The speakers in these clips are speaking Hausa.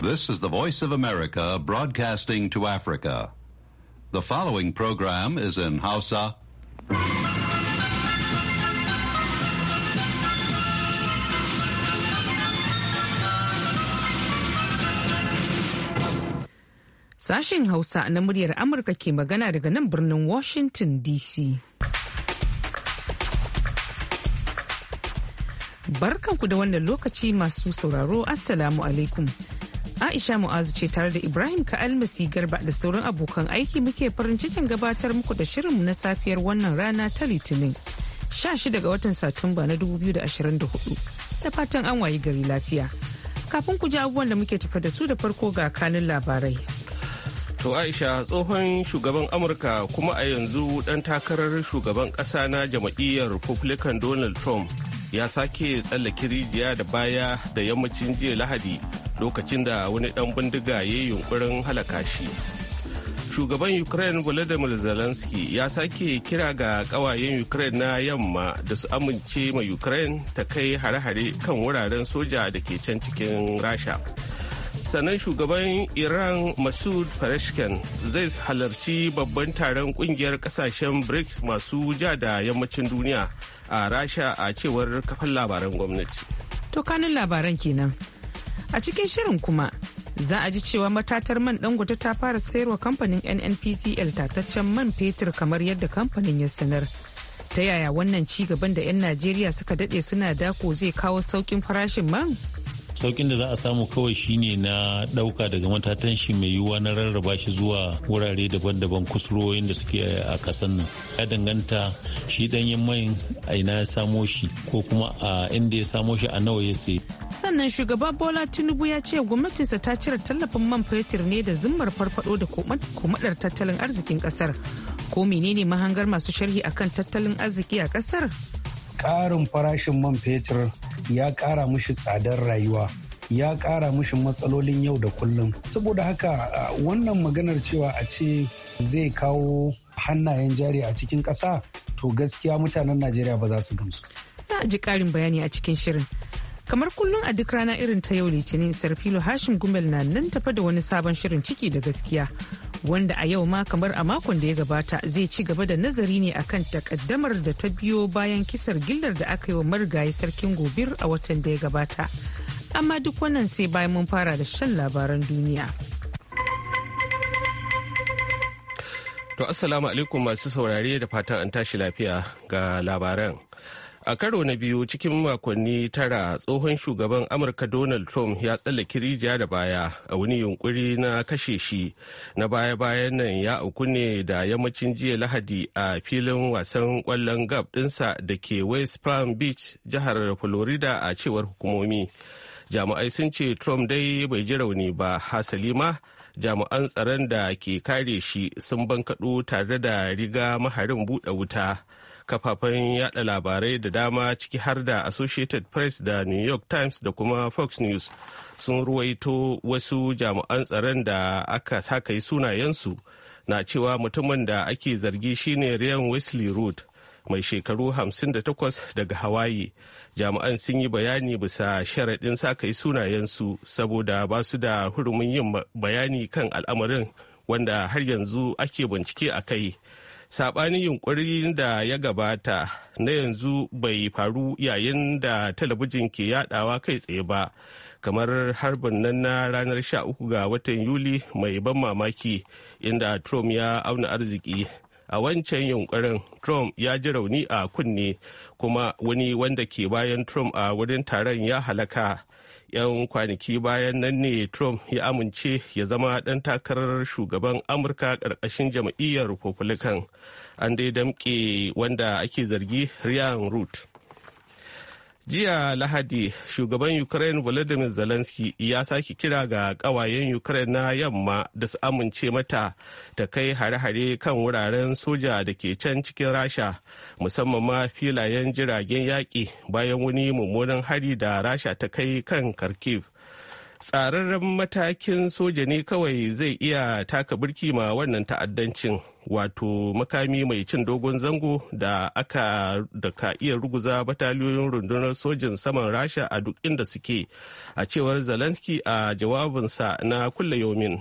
This is the Voice of America broadcasting to Africa. The following program is in Hausa. Sashen Hausa na muryar Amurka ke magana daga nan birnin Washington DC. Barkanku da wannan lokaci masu sauraro, Assalamu alaikum. Aisha Mu'azu ce tare da Ibrahim Masi Garba da sauran abokan aiki muke farin cikin gabatar muku da shirinmu na safiyar wannan rana ta Litinin 16 ga watan Satumba na 2024. Da fatan an wayi gari lafiya. Kafin ku ji abubuwan da muke tafa da su da farko ga kanin labarai. To Aisha tsohon shugaban Amurka kuma a yanzu dan takarar shugaban ƙasa na jam'iyyar Republican Donald Trump ya sake tsallake rijiya da baya da yammacin jiya Lahadi lokacin da wani dan bindiga ya yi yunkurin halaka shi shugaban ukraine volodymyr zelensky ya sake kira ga kawayen ukraine na yamma da su amince ma ukraine ta kai hare-hare kan wuraren soja da ke can cikin rasha sannan shugaban iran masud farashken zai halarci babban taron kungiyar kasashen brics masu ja da yammacin duniya a rasha a cewar kafin labaran gwamnati to kanin labaran kenan A cikin shirin kuma za a ji cewa matatar man dangote ta fara sayarwa kamfanin NNPCL tataccen man fetur kamar yadda kamfanin ya sanar. Ta yaya wannan ci gaban da 'yan Najeriya suka dade suna dako zai kawo saukin farashin man? saukin da za a samu kawai shine na dauka daga matatan shi mai yiwuwa na rarraba shi zuwa wurare daban-daban kusurwoyin da suke a kasan nan ya danganta shi danyen mai a ina ya samo shi ko kuma a inda ya samo shi a nawa ya sai sannan shugaba bola tinubu ya ce gwamnatinsa ta cire tallafin man fetur ne da zimmar farfado da komadar tattalin arzikin kasar ko menene mahangar masu sharhi akan tattalin arziki a kasar karin farashin man fetur ya ƙara mushi tsadar rayuwa ya ƙara mushi matsalolin yau da kullum saboda haka wannan maganar cewa a ce zai kawo hannayen jari a cikin ƙasa to gaskiya mutanen najeriya ba za su gamsu za a ji ƙarin bayani a cikin shirin kamar kullum a duk rana irin ta yau litinin sarfilo hashim gumel na nan tafa da wani sabon shirin ciki da gaskiya wanda a yau ma kamar a makon da ya gabata zai ci gaba da nazari ne akan takaddamar da ta biyo bayan kisar gillar da aka yi wa marigayi sarkin gobir a watan da ya gabata amma duk wannan sai bayan mun fara da shan labaran duniya to assalamu alaikum masu saurare da fatan an tashi lafiya ga labaran a karo na biyu cikin makonni tara tsohon shugaban amurka donald trump ya tsallake rijiya da baya a wani yunkuri na kashe shi na baya-bayan nan ya auku ne da yammacin jiya lahadi a filin wasan kwallon gab dinsa da ke west palm beach jihar florida a cewar hukumomi jami'ai sun ce trump dai bai ji rauni ba hasali ma jami'an tsaron da ke kare shi sun bankaɗo tare da riga maharin buɗe wuta kafafen yada labarai da dama ciki har da associated press da new york times da kuma fox news sun ruwaito wasu jami'an tsaron da aka saka yi sunayensu na cewa mutumin da ake zargi shine ryan wesley root mai shekaru 58 daga hawaii jami'an sun yi bayani bisa sharaɗin saka yi sunayensu saboda ba su da hurumin yin bayani kan al'amarin wanda har yanzu ake bincike a kai saɓanin yunkurin da ya gabata na yanzu bai faru yayin da talabijin ke yadawa kai tsaye ba kamar harbin nan na ranar 13 ga watan yuli mai ban mamaki inda trump ya auna arziki a wancan yunkurin trump ya ji rauni a kunne kuma wani wanda ke bayan trump a wurin taron ya halaka 'yan kwanaki bayan nan ne trump ya amince ya zama ɗan takarar shugaban amurka ƙarƙashin jam'iyyar republican an dai damƙe wanda ake zargi ryan root jiya lahadi shugaban ukraine volodymyr zelensky ya sake kira ga kawayen ukraine na yamma da su amince mata ta kai hare-hare kan wuraren soja da ke can cikin rasha musamman ma filayen jiragen yaƙi bayan wani mummunan hari da rasha ta kai kan kharkiv tsararren matakin soja ne kawai zai iya taka birki ma wannan ta'addancin wato makami mai cin dogon zango da aka da ka iya ruguza bataliyoyin rundunar sojin saman rasha a duk inda suke a cewar zelensky a jawabinsa na kulle yomin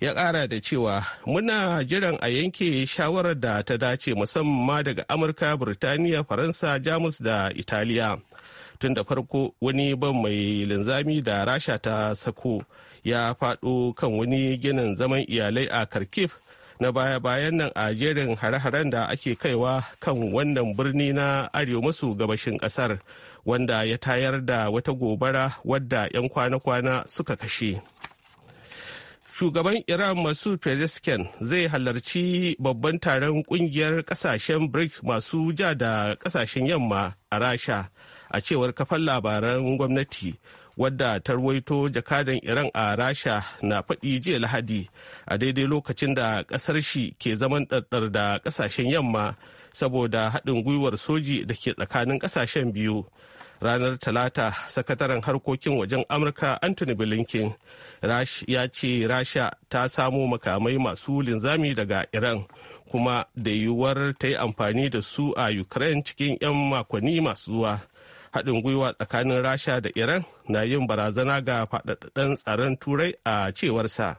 ya ƙara da cewa muna jiran a yanke shawarar da ta dace musamman daga amurka birtaniya faransa jamus da italiya tun da farko wani ban mai linzami da rasha ta sako ya faɗo kan wani ginin zaman iyalai a kharkiv na baya-bayan nan a jerin hare-haren da ake kaiwa kan wannan birni na arewa maso gabashin kasar wanda ya tayar da wata gobara wadda 'yan kwana-kwana suka kashe. Shugaban Iran Masu Pezeshkian zai halarci babban taron kungiyar kasashen BRICS masu ja da kasashen yamma a Rasha a cewar kafan labaran gwamnati. wadda tarwaito jakadan iran a rasha na faɗi jiya lahadi a daidai lokacin da ƙasar shi ke zaman ɗarɗar da ƙasashen yamma saboda haɗin gwiwar soji da ke tsakanin ƙasashen biyu ranar talata sakataren harkokin wajen amurka anthony blinken ya ce rasha ta samo makamai masu linzami daga iran kuma da yiwuwar ta yi amfani da su a ukraine cikin 'yan makonni masu zuwa haɗin gwiwa tsakanin rasha da iran na yin barazana ga faɗaɗɗen tsaron turai a cewarsa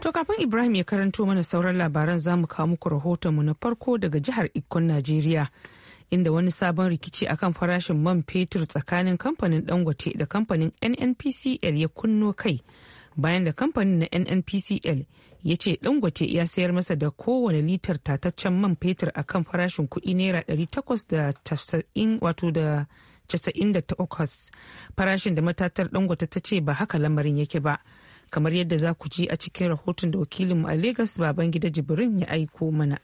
to kafin ibrahim ya karanto mana sauran labaran za mu kawo muku rahotonmu na farko daga jihar ikon najeriya inda wani sabon rikici akan farashin man fetur tsakanin kamfanin dangote da kamfanin nnpcl ya kunno kai bayan da kamfanin na nnpcl ya ce dangote ya sayar masa da kowane litar tataccen man fetur a kan farashin kuɗi naira da 898 farashin da matatar dangote ta ce ba haka lamarin yake ba kamar yadda za ku ji a cikin rahoton da wakilinmu a lagos babangida jibrin ya aiko mana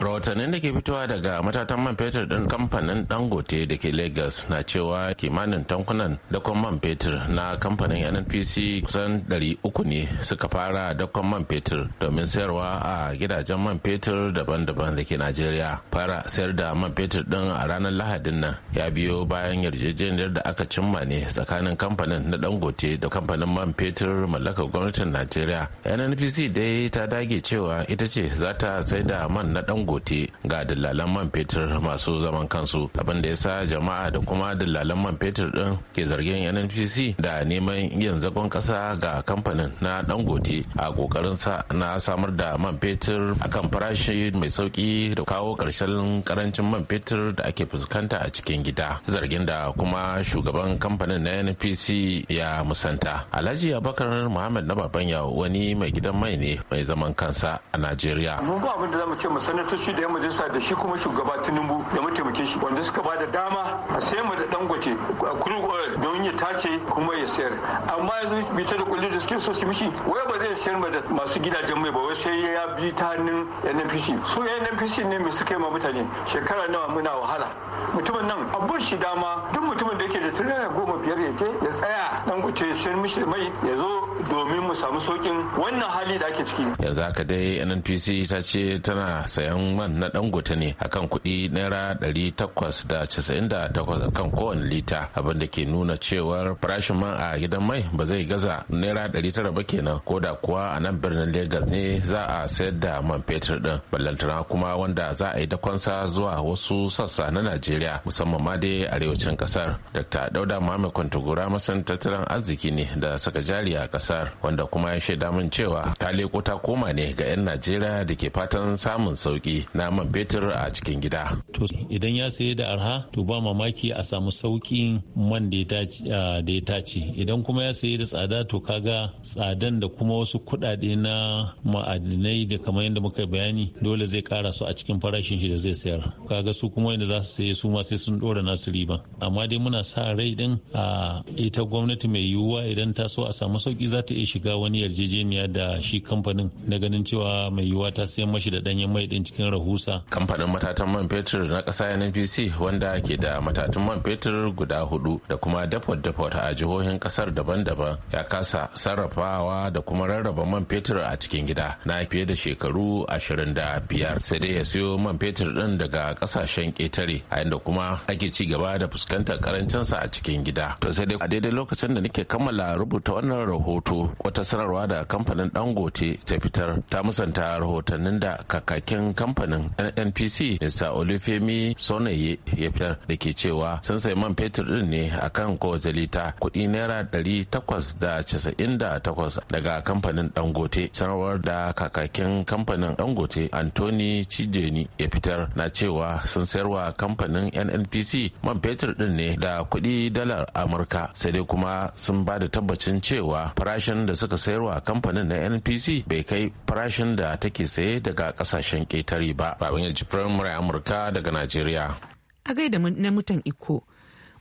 rahotannin da ke fitowa daga matatan man fetur ɗin kamfanin dangote da ke lagos na cewa kimanin tankunan dakon man fetur na kamfanin nnpc kusan 300 ne suka fara dakon man fetur domin sayarwa a gidajen man fetur daban-daban da ke najeriya fara sayar da man fetur ɗin a ranar lahadin nan ya biyo bayan yarjejeniyar da aka cimma ne tsakanin kamfanin na dangote da kamfanin man fetur mallakar gwamnatin najeriya nnpc dai ta dage cewa ita ce za ta sai da man na dangote dangote ga dillalan man fetur masu zaman kansu abin da ya sa jama'a da kuma dillalan man fetur din ke zargin nnpc da neman yin zagon kasa ga kamfanin na dangote a kokarin sa na samar da man fetur akan farashi mai sauki da kawo karshen karancin man fetur da ake fuskanta a cikin gida zargin da kuma shugaban kamfanin na npc ya musanta alhaji abakar muhammad na baban yawo wani mai gidan mai ne mai zaman kansa a najeriya abubuwa abin ce mu shi da yan majalisa da shi kuma shugaba tinubu da mataimakin shi wanda suka ba da dama a sayar mu da dangote a kurkuku don ya tace kuma ya sayar amma yanzu bita da kulli da suke so su mishi wai ba zai sayar ma da masu gidajen mai ba wai sai ya bi ta hannun NPC su NPC ne mai suka yi ma mutane shekara nawa muna wahala mutumin nan abun shi dama duk mutumin da yake da tunanin goma biyar ya je ya tsaya dangote ya sayar mishi mai ya zo domin mu samu saukin wannan hali da ake ciki yanzu haka dai NPC ta ce tana sayan man na dangote ne a kan kuɗi naira ɗari takwas da casa'in da takwas kan kowane lita abin da ke nuna cewar farashin man a gidan mai ba zai gaza naira ɗari tara ba kenan ko da kuwa a nan birnin Legas ne za a sayar da man fetur din ballantana kuma wanda za a yi dakonsa zuwa wasu sassa na Najeriya musamman ma dai arewacin kasar Dr. Dauda Muhammad Kwantagura masan tattalin arziki ne da saka jari a kasar wanda kuma ya shaida min cewa ta leko ta koma ne ga 'yan Najeriya da ke fatan samun sauki sauki na man fetur a cikin gida. To idan ya sayi da arha to ba mamaki a samu sauƙin man da ya tace idan kuma ya sayi da tsada to kaga tsadan da kuma wasu kuɗaɗe na ma'adinai da kamar yadda muka bayani dole zai kara su a cikin farashin shi da zai sayar kaga su kuma yadda za su saye su ma sai sun ɗora nasu riba amma dai muna sa rai din a ita gwamnati mai yiwuwa idan ta so a samu sauki za ta iya shiga wani yarjejeniya da shi kamfanin na ganin cewa mai yiwuwa ta sayan mashi da ɗanyen mai ɗin cikin cikin rahusa kamfanin matatan man fetur na ƙasa npc wanda ke da matatun man fetur guda hudu da kuma dafot dafot a jihohin ƙasar daban-daban ya kasa sarrafawa da kuma rarraba man fetur a cikin gida na fiye da shekaru ashirin da biyar sai dai ya siyo man fetur ɗin daga ƙasashen ƙetare a inda kuma ake ci gaba da fuskantar karancinsa a cikin gida to sai dai a daidai lokacin da nake kammala rubuta wannan rahoto wata sanarwa da kamfanin dangote ta fitar ta musanta rahotannin da kakakin kamfanin kamfanin nnpc mr olufemi sonaye ya fitar da ke cewa sun sai man fetur din ne akan kowace lita kudi naira ɗari takwas da casa'in da takwas daga kamfanin dangote sanarwar da kakakin kamfanin dangote anthony cijeni ya fitar na cewa sun sayarwa kamfanin nnpc man fetur din ne da kudi dalar amurka sai dai kuma sun ba da tabbacin cewa farashin da suka sayarwa kamfanin na npc bai kai farashin da take saye daga kasashen ƙetare kari ba baban yaji firayin murai Amurka daga Najeriya. A gaida na mutan Iko.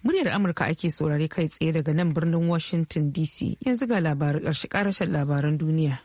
Muryar Amurka ake saurare kai tsaye daga nan birnin Washington DC yanzu ga labaran ƙarshe ƙarashen labaran duniya.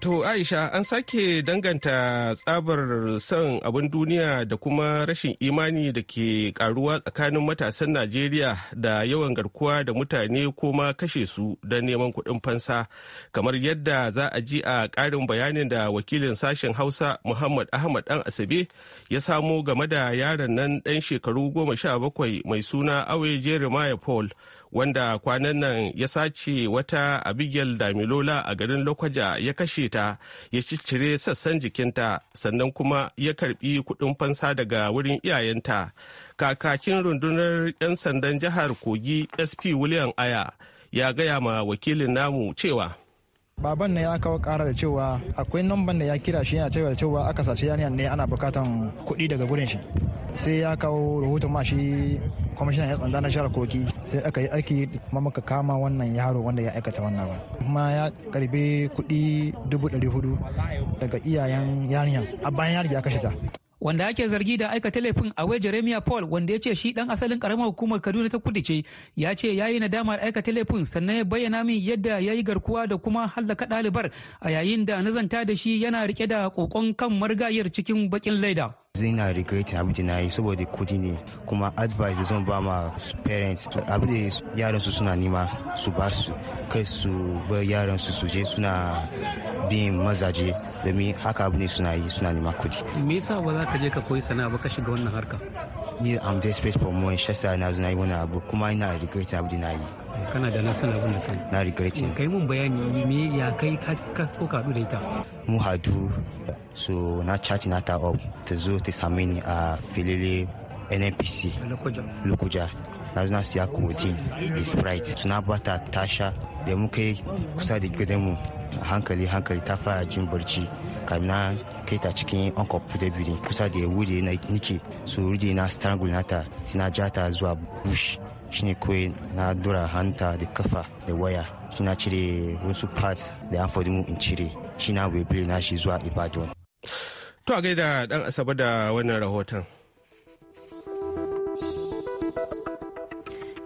To Aisha an sake danganta tsabar son abin duniya da kuma rashin imani da ke karuwa tsakanin matasan Najeriya da yawan garkuwa da mutane ko kashe su don neman kuɗin fansa kamar yadda za a ji a ƙarin bayanin da wakilin sashen Hausa Muhammad Ahmad Dan Asabe ya samo game da yaron nan ɗan shekaru goma sha bakwai mai suna Awe Jeremiah Paul wanda kwanan nan ya sace wata abigyal damilola a garin lokwaja ya kashe ta ya ciccire sassan jikinta sannan kuma ya karbi kudin fansa daga wurin iyayenta kakakin rundunar 'yan sandan jihar kogi sp william aya ya gaya ma wakilin namu cewa baban ne ya kawo kara da cewa akwai namban da ya kira shi yana cewa cewa aka sace yarinya ne ana bukatan kuɗi daga gurin shi sai ya kawo rahoton ma shi kwamishinan ya tsanda na shara koki sai aka yi aiki kuma muka kama wannan yaro wanda ya aikata wannan ba kuma ya karbi kuɗi dubu ɗari hudu daga iyayen yaniyan a bayan yari ya kashe ta wanda ake zargi da aikata laifin wai jeremiah paul wanda ya ce shi dan asalin karamar hukumar kaduna ta kudu ce ya ce yayi yi nadamar aikata laifin sannan ya bayyana min yadda ya yi garkuwa da kuma hallaka ɗalibar a yayin da nazanta da shi yana rike da kokon kan margayar cikin bakin laida Zina na abin da na yi saboda kudi ne kuma advice zan ba ma parents abin da yaran su suna nima su ba su kai su bar yaran su je suna bin mazaje domin haka abin suna yi suna nima kudi. Me yasa ba za ka je ka koyi sana'a ba ka shiga wannan harka? Ni am desperate for more shasa na zuna yi wannan abu kuma ina regret abin da na yi. kana da nasara abin da kai na regret kai mun bayani me ya kai ka ko ka da ita mu hadu so na caji na ta up ta zo ta sami ni a filili nnpc lokuja na zuna siya codeine da sprite suna bata tasha da muka yi kusa da gidanmu hankali hankali ta fara jin barci kamina kai ta cikin uncle da biri kusa da wuri na nike so wuri na strangle na nata sina jata zuwa bush shine kawai na dura hanta da kafa da waya suna cire wasu part da an faɗi mu in cire shi na webe na shi zuwa ibadan To a gaida ɗan Asabe da wannan rahoton.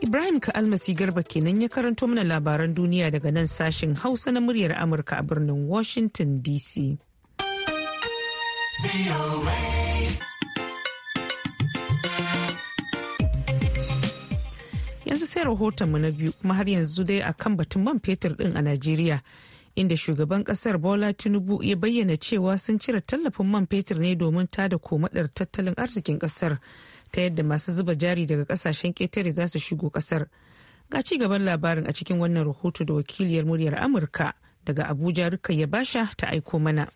Ibrahim Ka'almasi Garba kenan ya karanto mana labaran duniya daga nan sashen Hausa na muryar Amurka a birnin Washington DC. Yanzu sai mu na biyu kuma har yanzu dai akan batun man fetur din a Najeriya. inda shugaban kasar bola tinubu ya bayyana cewa sun cire tallafin man fetur ne domin ta da komadar tattalin arzikin kasar ta yadda masu zuba jari daga kasashen ketare za su shigo kasar ga ci gaban labarin a cikin wannan rahoto da wakiliyar muryar amurka daga abuja rukayya basha ta aiko mana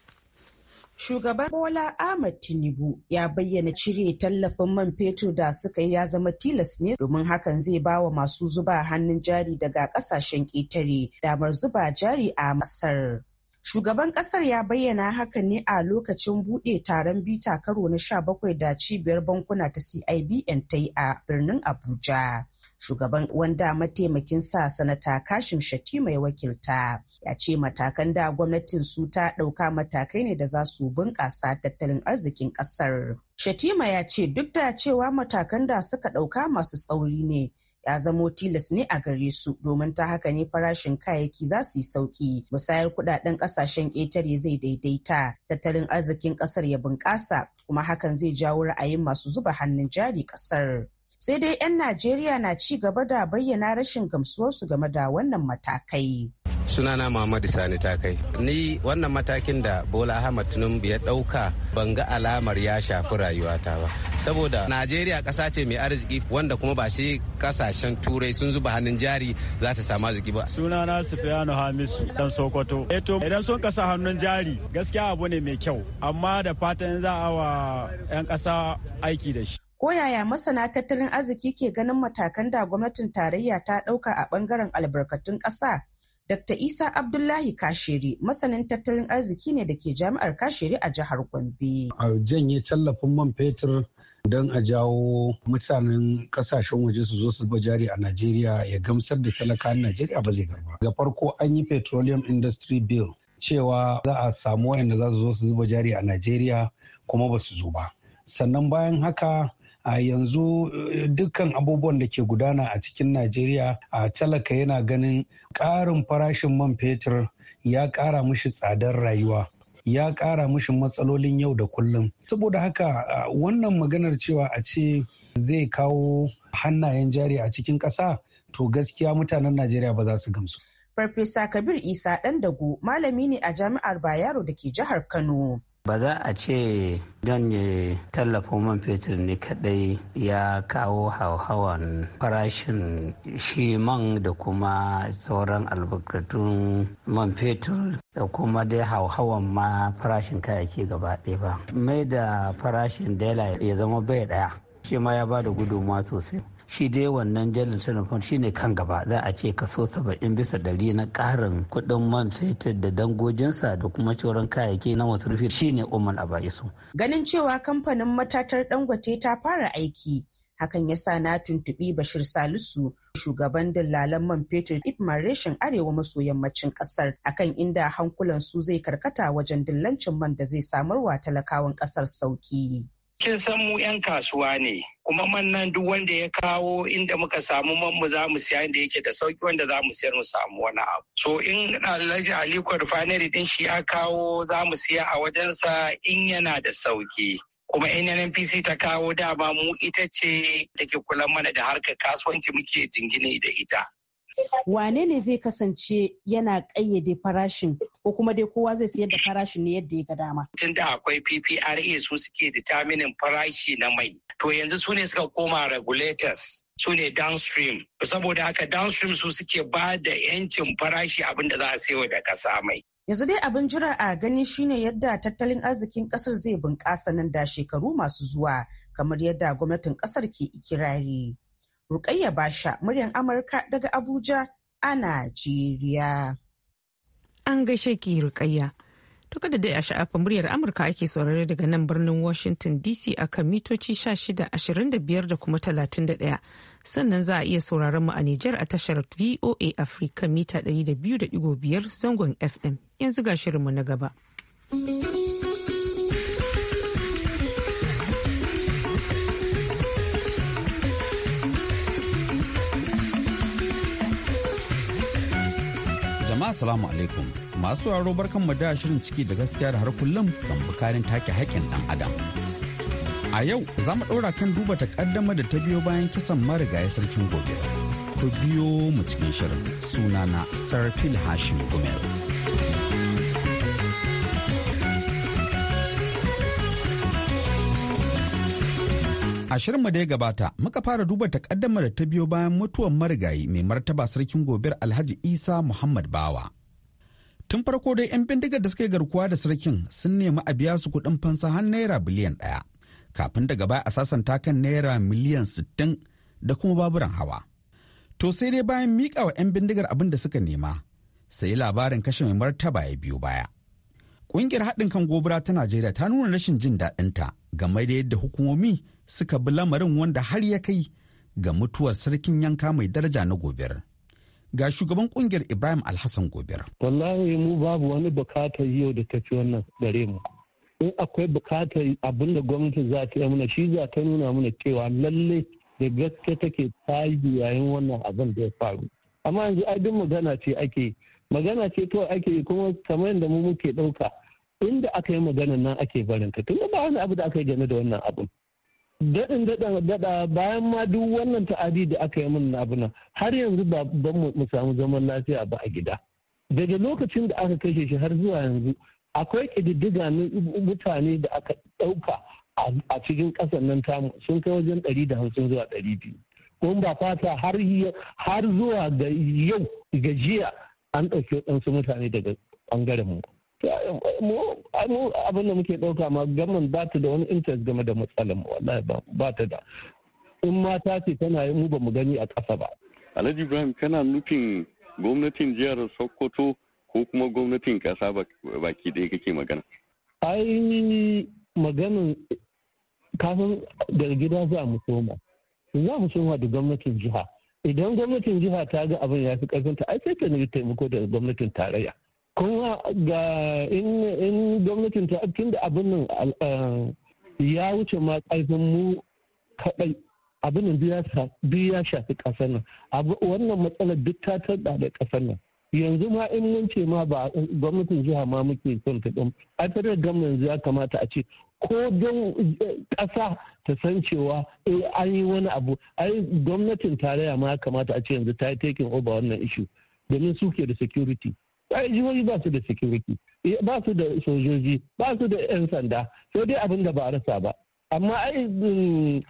Shugaban Bola Ahmad Tinubu ya bayyana cire tallafin man fetur da suka yi ya zama tilas ne domin hakan zai ba wa masu zuba hannun jari daga kasashen ƙetare damar zuba jari a Masar. Shugaban kasar ya bayyana hakan ne a lokacin buɗe taron bita karo na 17 da cibiyar bankuna ta CIBN ta yi a birnin Abuja. shugaban wanda mataimakin sa sanata kashim shatti mai wakilta ya ce matakan da gwamnatin su ta ɗauka matakai ne da za su bunƙasa tattalin arzikin ƙasar shatima ya ce duk da cewa matakan da suka ɗauka masu tsauri ne ya zamo tilas ne a gare su domin ta haka ne farashin kayayyaki za su yi sauki musayar kudaden kasashen ƙetare zai daidaita tattalin arzikin ƙasar ya bunƙasa kuma hakan zai jawo ra'ayin masu zuba hannun jari ƙasar sai dai 'yan najeriya na ci gaba da bayyana rashin gamsuwarsu game da wannan matakai sunana Muhammadu Sani ta kai. Ni wannan matakin da Bola Ahmad Tinubu ya ɗauka ban ga alamar ya shafi rayuwata ba. Saboda Najeriya ƙasa ce mai arziki wanda kuma ba sai ƙasashen turai sun zuba hannun jari za ta samu arziki ba. Sunana Sufiyanu Hamisu dan Sokoto. Eto eh idan sun kasa hannun jari gaskiya abu ne mai kyau amma da fatan za a wa 'yan ƙasa aiki da shi. Ko yaya masana tattalin arziki ke ganin matakan da gwamnatin tarayya ta ɗauka a ɓangaren albarkatun ƙasa? Dr. Isa Abdullahi Kashiri masanin tattalin arziki ne da ke jami'ar Kashiri a jihar Gombe. A janye tallafin man fetur don a jawo mutanen kasashen waje su zo su zuba jari a Najeriya ya gamsar da talakan Najeriya ba zai gaba. Ga farko an yi Petroleum Industry Bill cewa za a samu wayanda za su zo su zuba jari a Najeriya kuma ba su zo ba. Sannan bayan haka a yanzu eh, dukkan abubuwan da ke gudana a cikin najeriya a talaka yana ganin ƙarin farashin man fetur ya ƙara mushi tsadar rayuwa ya ƙara mushi matsalolin yau da kullum saboda haka wannan maganar cewa a ce zai kawo hannayen jari a cikin ƙasa to gaskiya mutanen najeriya ba za su gamsu Farfesa Kabir Isa ɗan malami ne a jami'ar Bayero da ke jihar Kano. ba za a ce don ya tallafa man fetur ne kadai ya kawo hauhawan farashin shi man da kuma sauran albarkatun man fetur da kuma dai hauhawan ma farashin kayayyaki gaba ɗaya ba mai da farashin dela ya zama bai ɗaya shi ma ya ba da gudunmawa sosai shi dai wannan jalin telefon shi ne kan gaba za a ce kaso saba'in bisa ɗari na ƙarin kuɗin man fetur da dangojinsa da kuma sauran kayayyaki na masarufi shi ne umar abaisu. ganin cewa kamfanin matatar dangote ta fara aiki hakan ya sa na tuntuɓi bashir salisu shugaban dillalan man fetur ifman reshen arewa maso yammacin kasar akan inda hankulan su zai karkata wajen dillancin man da zai samarwa talakawan ƙasar sauki kin san mu 'yan kasuwa ne kuma man nan duk wanda ya kawo inda muka samu man mu za mu siya inda yake da sauki wanda za mu siyar mu samu wani abu so in alhaji aliko refinery din shi ya kawo za mu siya a wajensa in yana da sauki kuma NNPC ta kawo dama mu ita ce take kula mana da harkar kasuwanci muke jingine da ita wane ne zai kasance yana ƙayyade farashin ko kuma dai kowa zai sayar da farashin ne yadda ya ga dama. Tun da akwai PPRA su suke determining farashi na mai. To yanzu su ne suka koma regulators su ne downstream. Saboda haka downstream su suke ba da 'yancin farashi abin da za a sayo da ƙasa mai. Yanzu dai abin jira a gani shine yadda tattalin arzikin ƙasar zai bunƙasa nan da shekaru masu zuwa kamar yadda gwamnatin ƙasar ke ikirari. Rukayya Basha, muryar Amurka daga Abuja a Najeriya. An gaishe ki Rukayya. To kada da sha'afa muryar Amurka ake saurare daga nan birnin Washington DC a kan mitoci ashirin da kuma 31. Sannan za a iya sauraron mu a Nijar a tashar VOA Africa mita da 200.5 zangon FM. Yanzu ga shirinmu na gaba. jama'a salamu alaikum masu sauraro barkan mu da shirin ciki da gaskiya da har kullum kan bukarin take haƙƙin dan adam a yau za mu ɗora kan duba ta takaddama da ta biyo bayan kisan marigayi sarkin gobe ku biyo mu cikin shirin sunana sarfil hashim gomel A shirinmu da ya gabata muka fara duba takaddamar da ta biyo bayan mutuwar marigayi mai martaba sarkin gobir Alhaji Isa Muhammad Bawa. Tun farko dai 'yan bindigar da suka yi garkuwa da sarkin sun nemi a biya su kuɗin fansa har naira biliyan ɗaya kafin daga baya a sasanta kan naira miliyan sittin da kuma baburan hawa. To sai dai bayan miƙa wa 'yan bindigar abin da suka nema sai labarin kashe mai martaba ya biyo baya. Ƙungiyar haɗin kan gobara ta Najeriya ta nuna rashin jin daɗinta game da yadda hukumomi suka bi lamarin wanda har ya kai ga mutuwar sarkin yanka mai daraja na gobiyar Ga shugaban ƙungiyar Ibrahim Alhassan gobiyar Wallahi mu babu wani bukatar yau da tafi wannan gare mu. In akwai bukatar abin da gwamnati za ta yi mana shi za ta nuna mana cewa lalle da gaske take ta yi yayin wannan abin da ya faru. Amma yanzu ai duk magana ce ake magana ce kawai ake yi kuma kamar yadda mu muke ɗauka inda aka yi maganan nan ake ka tun da ba wani abu da aka yi game da wannan abun daɗin daɗa daɗa bayan ma duk wannan ta'adi da aka yi min abu nan har yanzu ba ban mu samu zaman lafiya ba a gida daga lokacin da aka kashe shi har zuwa yanzu akwai ƙididdiga na mutane da aka ɗauka a cikin ƙasar nan tamu sun kai wajen ɗari da hamsin zuwa ɗari biyu kuma ba fata har zuwa ga yau ga jiya an ɗauki waɗansu mutane daga ɓangaren mu mu abin da muke ɗauka ma gaman ba ta da wani interest game da matsalar mu wallahi ba ta da in mata ce tana yi mu ba mu gani a ƙasa ba Alhaji Ibrahim kana nufin gwamnatin jihar Sokoto ko kuma gwamnatin ƙasa baki ɗaya kake magana ai maganin kafin gargida gida za mu soma za mu soma da gwamnatin jiha idan gwamnatin jiha ta ga abin ya fi karfinta ai sai ta nemi taimako da gwamnatin tarayya kuma ga in gwamnatin ta tun da abin nan eh, ya wuce ma karfin mu kaɗai abin nan biya shafi ƙasar nan wannan matsalar duk ta tarda da ƙasar nan yanzu ma in mun ce ma ba gwamnatin jiha ma muke son ta ɗin ai federal gwamnatin ya kamata a ce ko don eh, ƙasa ta san cewa eh, an yi wani abu ai gwamnatin tarayya ma kamata a ce yanzu ta yi taking over wannan issue domin suke da security ai jihohi ba su da security eh, ba su da sojoji ba su da 'yan sanda sai dai abin da ba a rasa ba amma ai mm,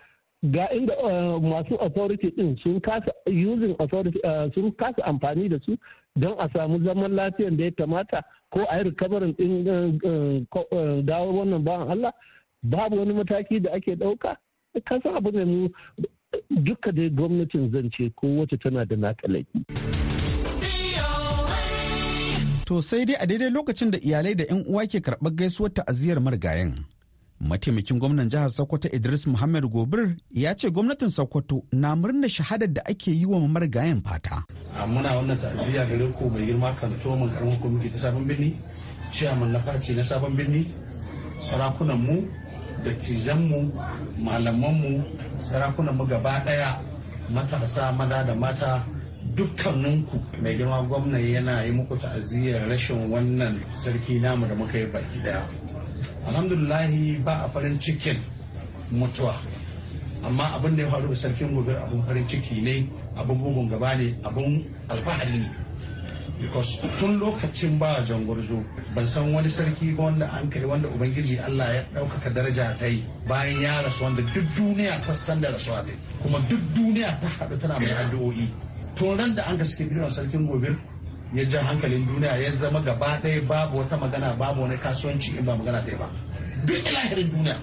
ga inda masu authority din sun kasa kasa amfani da su don a samu zaman lafiyar da ya kamata ko a yi rikabarin ɗin eh, eh, eh, dawo wannan bawan Allah babu wani mataki da ake ɗauka kasan abu ne mu duka dai gwamnatin zance ko wacce tana da nakalaki. To sai dai a daidai lokacin da iyalai da 'yan uwa ke karɓar gaisuwar ta'aziyar marigayen. Mataimakin gwamnan jihar Sokoto Idris Muhammad Gobir ya ce gwamnatin Sokoto na murna shahadar da ake yi wa marigayen fata. Muna wannan ta'aziyya gare ku mai girma kan tomin karamin kwamiti ta sabon birni, ciyaman na faci na sabon birni, sarakunan mu, dattijan mu, malaman mu, sarakunan mu gaba daya, matasa maza da mata dukkaninku mai girma gwamna yana yi muku ta'aziyyar rashin wannan sarki namu da muka yi baki daya alhamdulillahi ba a farin cikin mutuwa amma abin da ya faru da sarkin gobe abin farin ciki ne abin gugun gaba ne abin alfahari ne because tun lokacin ba jangwarzo ban san wani sarki ba wanda an kai wanda ubangiji Allah ya ɗaukaka daraja ta yi bayan ya rasu wanda duk duniya ta san da rasuwa ta kuma duk duniya ta haɗu tana mai addu'o'i tun ran da an gaske biyu sarkin gobe ya jan hankalin duniya ya zama gaba ɗaya babu wata magana babu wani kasuwanci in ba magana ta ba duk ilahirin duniya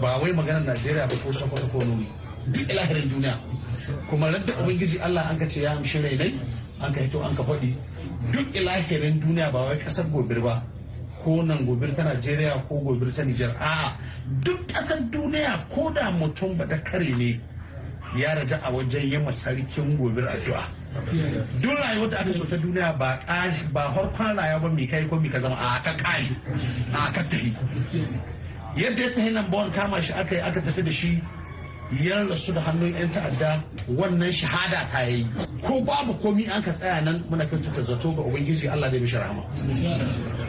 ba wai maganar najeriya ba ko sokoto ko nuni. duk ilahirin duniya kuma radda ubangiji allah an ka ce ya amshi rainai an ka hito an ka faɗi duk ilahirin duniya ba wai ƙasar gobir ba ko nan gobir ta najeriya ko gobir ta nijar a'a duk ƙasar duniya ko da mutum ba da kare ne ya raja a wajen yi sarkin gobir addu'a duk rayuwar da aka so ta duniya ba ba harkon rayuwa ba mai kai ko mai ka zama a ka kai a ka tafi. yadda ya tahi nan bawon kama shi aka yi aka tafi da shi ya rasu da hannun 'yan ta'adda wannan shahada ta yi ko babu komi an ka tsaya nan muna kyautata zato ga ubangiji Allah zai mishi rahama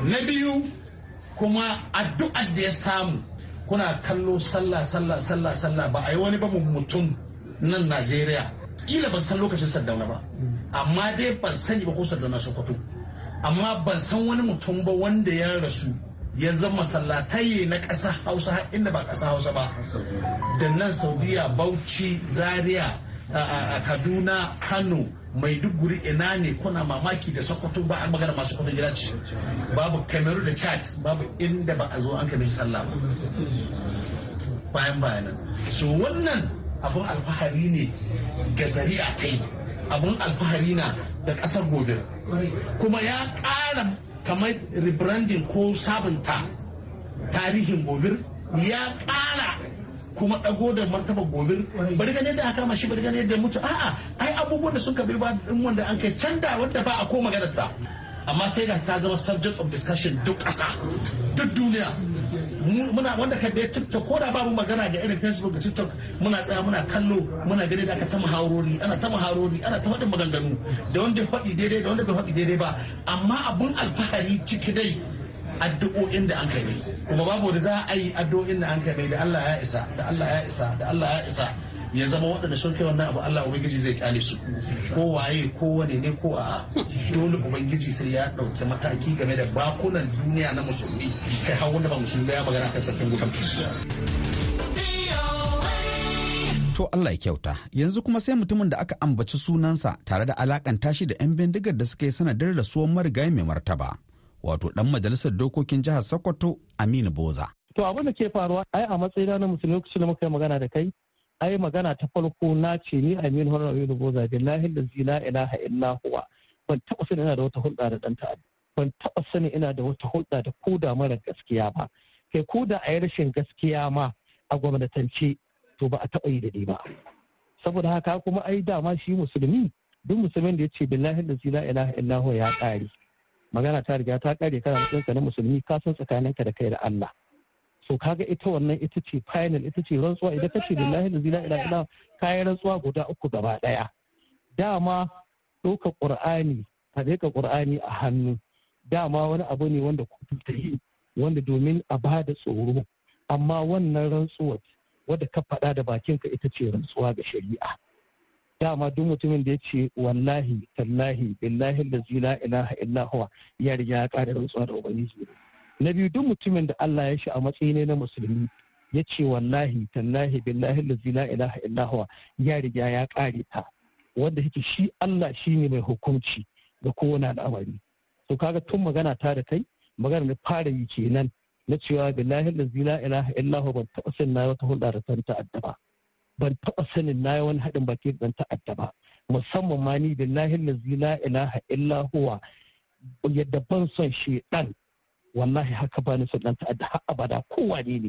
na biyu kuma addu'ar da ya samu kuna kallo sallah sallah sallah sallah ba a yi wani ba mutum nan Najeriya kila ban san lokacin sardauna ba amma dai ban sani ba ko sardauna sokoto amma ban san wani mutum ba wanda ya rasu ya zama sallataye na ƙasa hausa inda ba ƙasa hausa ba da nan saudiya bauchi zaria a kaduna kano maiduguri ina ne kuna mamaki da sokoto ba an magana masu kudin gida ce babu kameru da chad babu inda ba a zo an kamar sallah ba bayan bayanan so wannan abun alfahari ne ga zari'a ta yi abun alfahari na da ƙasar gobe kuma ya ƙara kamar rebranding ko sabunta tarihin gobe ya ƙara kuma ɗago da martaba gobe bari gane da aka mashi bari gane da mutu a'a ai abubuwan da suka bai ba din wanda an kai canda wanda ba a ko maganar ta amma sai ga ta zama subject of discussion duk ƙasa duk duniya muna wanda ka da tiktok ko da babu magana ga irin facebook da tiktok muna tsaya muna kallo muna gani da aka ta muhawarori ana ta muhawarori ana ta faɗin maganganu da wanda faɗi daidai da wanda bai faɗi daidai ba amma abun alfahari ciki dai addu'o'in da an kai kuma babu da za a yi addu'o'in da an kai da Allah ya isa da Allah ya isa da Allah ya isa ya zama waɗanda sun kai wannan abu Allah ubangiji zai kyale su ko waye ko wane ne ko a dole ubangiji sai ya ɗauki mataki game da bakunan duniya na musulmi kai har wanda ba musulmi ya magana kan sarkin gudan To Allah ya kyauta yanzu kuma sai mutumin da aka ambaci sunansa tare da alakanta tashi da 'yan bindigar da suka yi sanadar da rasuwar marigayi mai martaba wato dan majalisar dokokin jihar Sokoto Aminu Boza. To abin da ke faruwa ai a matsayina na musulmi lokacin da muka yi magana da kai ai magana ta farko na ce ni Aminu Horar Aminu Boza billahi zina ina ilaha illa huwa ban taɓa sani ina da wata hulɗa da ɗan ta'adda ban taɓa sani ina da wata hulɗa da koda mara gaskiya ba kai koda a yi rashin gaskiya ma a gwamnatance to ba a taɓa yi ni ba saboda haka kuma ai dama shi musulmi duk musulmin da ya ce billahi da la ilaha huwa ya ƙare magana ta riga ta ƙare kana matsayin ka na musulmi ka san tsakaninka da kai da Allah so kaga ita wannan ita ce final ita ce rantsuwa idan kace billahi da zila ila ila kayan rantsuwa guda uku gaba daya dama doka qur'ani a ka qur'ani a hannu dama wani abu ne wanda kotu ta yi wanda domin a ba da tsoro amma wannan rantsuwa wadda ka faɗa da bakinka ita ce rantsuwa ga shari'a dama duk mutumin da ya ce wallahi tallahi billahi da zila ilaha illahuwa ya riga ya ƙara rantsuwa da ubangiji na biyu duk mutumin da Allah ya shi a matsayi ne na musulmi ya ce wallahi tallahi billahi lazi la ilaha illahuwa ya riga ya kare ta wanda yake shi Allah shi ne mai hukunci ga kowane al'amari to kaga tun magana ta da kai magana da fara yi kenan na cewa billahi lazi la ilaha illahu ban taɓa sanin na wata hulɗa da san ta'adda ba ban taɓa sanin na yi wani haɗin baki da ta ta'adda ba musamman ma ni billahi lazi la ilaha illahu yadda ban son shedan wallahi haka ba ni son dan ta'adda har abada kowa ne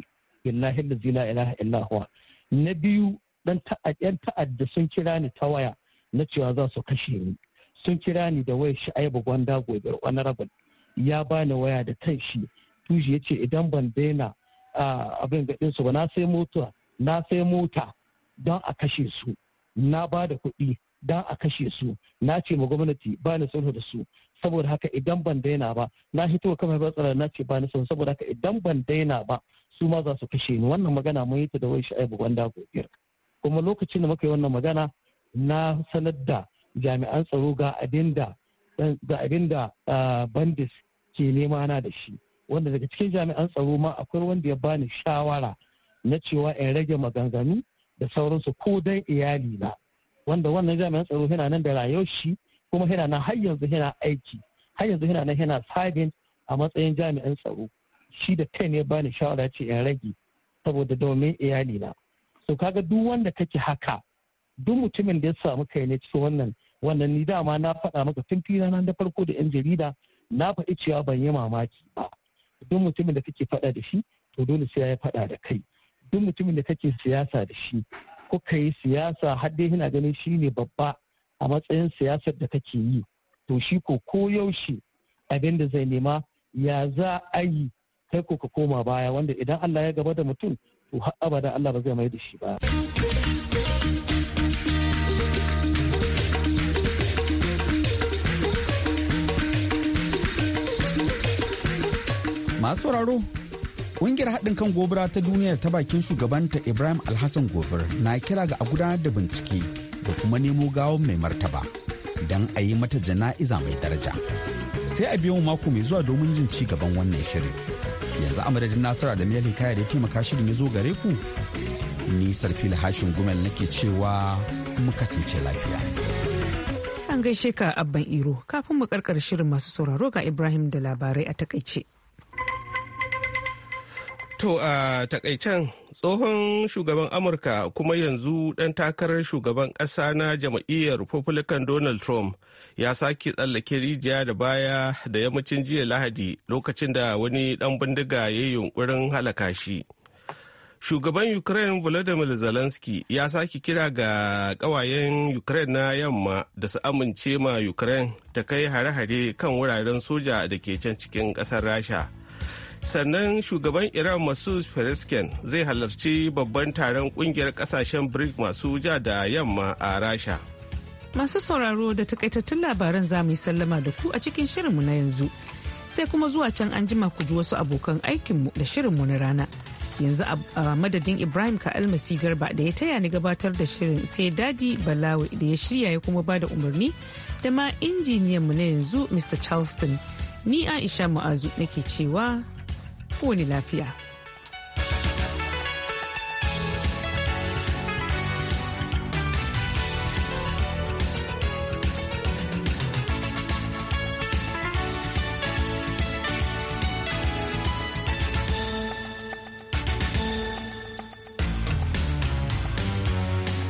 ne billahi la ilaha illa huwa na biyu dan ta'adda sun kira ni ta waya na cewa za su kashe ni sun kira ni da wayar sha'ibu gwanda gobe rabin ya bani waya da kan shi tuji ya ce idan ban daina abin gaɗin su ba na sai mota na sai mota don a kashe su na ba da kuɗi don a kashe su na ce ma gwamnati ba ni sulhu da su saboda haka idan ban daina ba na hito kamar tsara na ce ba ni sulhu saboda haka idan ban daina ba su ma za su kashe ni wannan magana mun yi ta da wai sha'ibu gwanda gobiyar kuma lokacin da muka yi wannan magana na sanar da jami'an tsaro ga abin da ga abin bandis ke nema na da shi wanda daga cikin jami'an tsaro ma akwai wanda ya bani shawara na cewa in rage maganganu da sauransu ko dan iyali na wanda wannan jami'an tsaro yana nan da rayoshi, kuma yana nan har yanzu yana aiki har yanzu yana nan yana sabin a matsayin jami'an tsaro shi da kai ne bani shawara ce in rage saboda domin iyali na so kaga duk wanda kake haka duk mutumin da ya samu kai ne cikin wannan wannan ni dama na faɗa maka tun fira nan da farko da yan jarida na faɗi cewa ban yi mamaki ba duk mutumin da kake faɗa da shi to dole sai ya faɗa da kai duk mutumin da kake siyasa da shi kuka yi siyasa har dai yana ganin shi ne babba a matsayin siyasar da kake yi to shi ko koyaushe abin da zai nema ya za a yi kai ko ka koma baya wanda idan Allah ya gaba da mutum to har abada Allah ba zai mai da shi ba. Masu sauraro Ƙungiyar haɗin kan gobara ta duniya ta bakin shugabanta Ibrahim Alhassan Gobir na kira ga a gudanar da bincike da kuma nemo gawon mai martaba don a yi mata jana'iza mai daraja. Sai a biyo mako mai zuwa domin jin ci gaban wannan shirin. Yanzu a madadin Nasara da Miyalin Kaya da ya taimaka shirin ya zo gare ku. Ni Sarfil Hashin Gumel nake cewa mu kasance lafiya. An gaishe ka abban Iro kafin mu karkar shirin masu sauraro ga Ibrahim da labarai a takaice. To a takaicen tsohon shugaban Amurka kuma yanzu dan takarar shugaban ƙasa na jam'iyyar Republican Donald Trump ya sake tsallake rijiya da baya da yammacin jiya Lahadi lokacin da wani ɗan bindiga ya yi yunkurin halaka shi. Shugaban Ukraine Volodymyr Zelensky ya sake kira ga ƙawayen Ukraine na yamma da su amince ma Ukraine ta kai hare-hare kan wuraren soja da ke can cikin ƙasar Rasha. sannan shugaban iran masu peresken zai halarci babban taron kungiyar kasashen bric masu ja da yamma a rasha masu sauraro da takaitattun labaran za mu yi sallama da ku a cikin shirinmu na yanzu sai kuma zuwa can an jima ku ji wasu abokan aikinmu da shirinmu na rana yanzu a madadin ibrahim ka almasi garba da ya taya ni gabatar da shirin sai dadi balawi da ya shirya ya kuma bada umarni da ma injiniyanmu na yanzu mr charleston ni aisha ma'azu nake cewa Kuni lafiya.